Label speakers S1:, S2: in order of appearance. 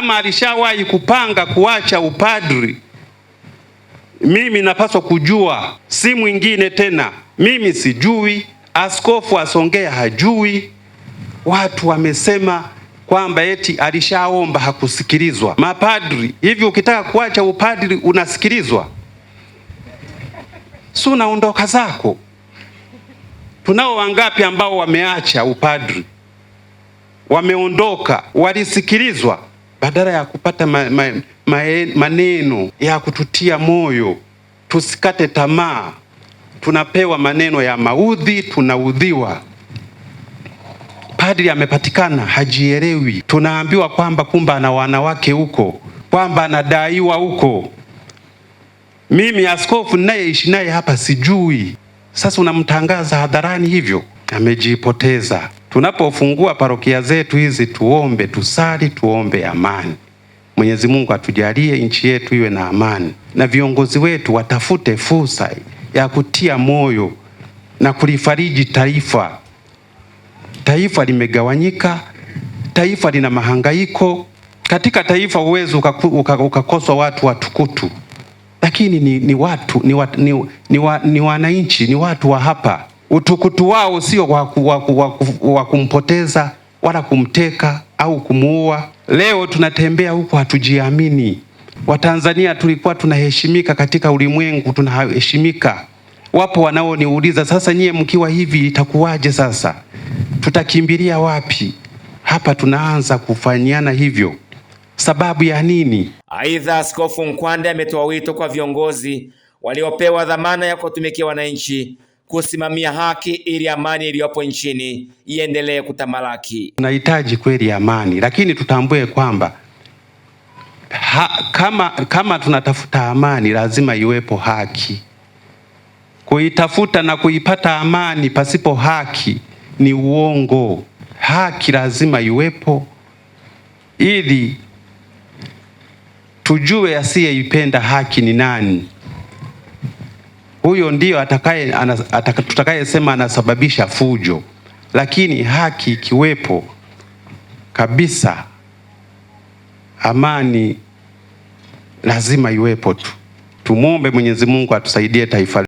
S1: Kama alishawahi kupanga kuacha upadri, mimi napaswa kujua, si mwingine tena. Mimi sijui, askofu asongea hajui. Watu wamesema kwamba eti alishaomba hakusikilizwa. Mapadri, hivi ukitaka kuacha upadri unasikilizwa? Si unaondoka zako. Tunao wangapi ambao wameacha upadri, wameondoka, walisikilizwa? badala ya kupata ma, ma, ma, maneno ya kututia moyo tusikate tamaa, tunapewa maneno ya maudhi, tunaudhiwa. Padri amepatikana hajielewi, tunaambiwa kwamba kumbe ana wanawake huko, kwamba anadaiwa huko. Mimi askofu ninayeishi naye hapa sijui. Sasa unamtangaza hadharani hivyo, amejipoteza tunapofungua parokia zetu hizi tuombe, tusali, tuombe amani. Mwenyezi Mungu atujalie nchi yetu iwe na amani, na viongozi wetu watafute fursa ya kutia moyo na kulifariji taifa. Taifa limegawanyika, taifa lina mahangaiko. Katika taifa huwezi ukakoswa watu watukutu, lakini ni, ni watu ni, wa, ni, ni, wa, ni wananchi ni watu wa hapa utukutu wao sio wa kumpoteza wala kumteka au kumuua. Leo tunatembea huko hatujiamini. Watanzania tulikuwa tunaheshimika katika ulimwengu, tunaheshimika. Wapo wanaoniuliza sasa, nyie mkiwa hivi itakuwaje? Sasa tutakimbilia wapi? Hapa tunaanza kufanyiana hivyo, sababu ya nini? Aidha, Askofu Nkwande ametoa wito kwa viongozi waliopewa dhamana ya kuwatumikia wananchi kusimamia haki ili amani iliyopo nchini iendelee kutamalaki.
S2: Tunahitaji kweli amani, lakini tutambue kwamba ha, kama, kama tunatafuta amani lazima iwepo haki. Kuitafuta na kuipata amani pasipo haki ni uongo. Haki lazima iwepo ili tujue asiyeipenda haki ni nani huyo ndiyo atakaye ataka, tutakayesema anasababisha fujo, lakini haki ikiwepo kabisa, amani lazima iwepo tu. Tumwombe Mwenyezi Mungu atusaidie taifa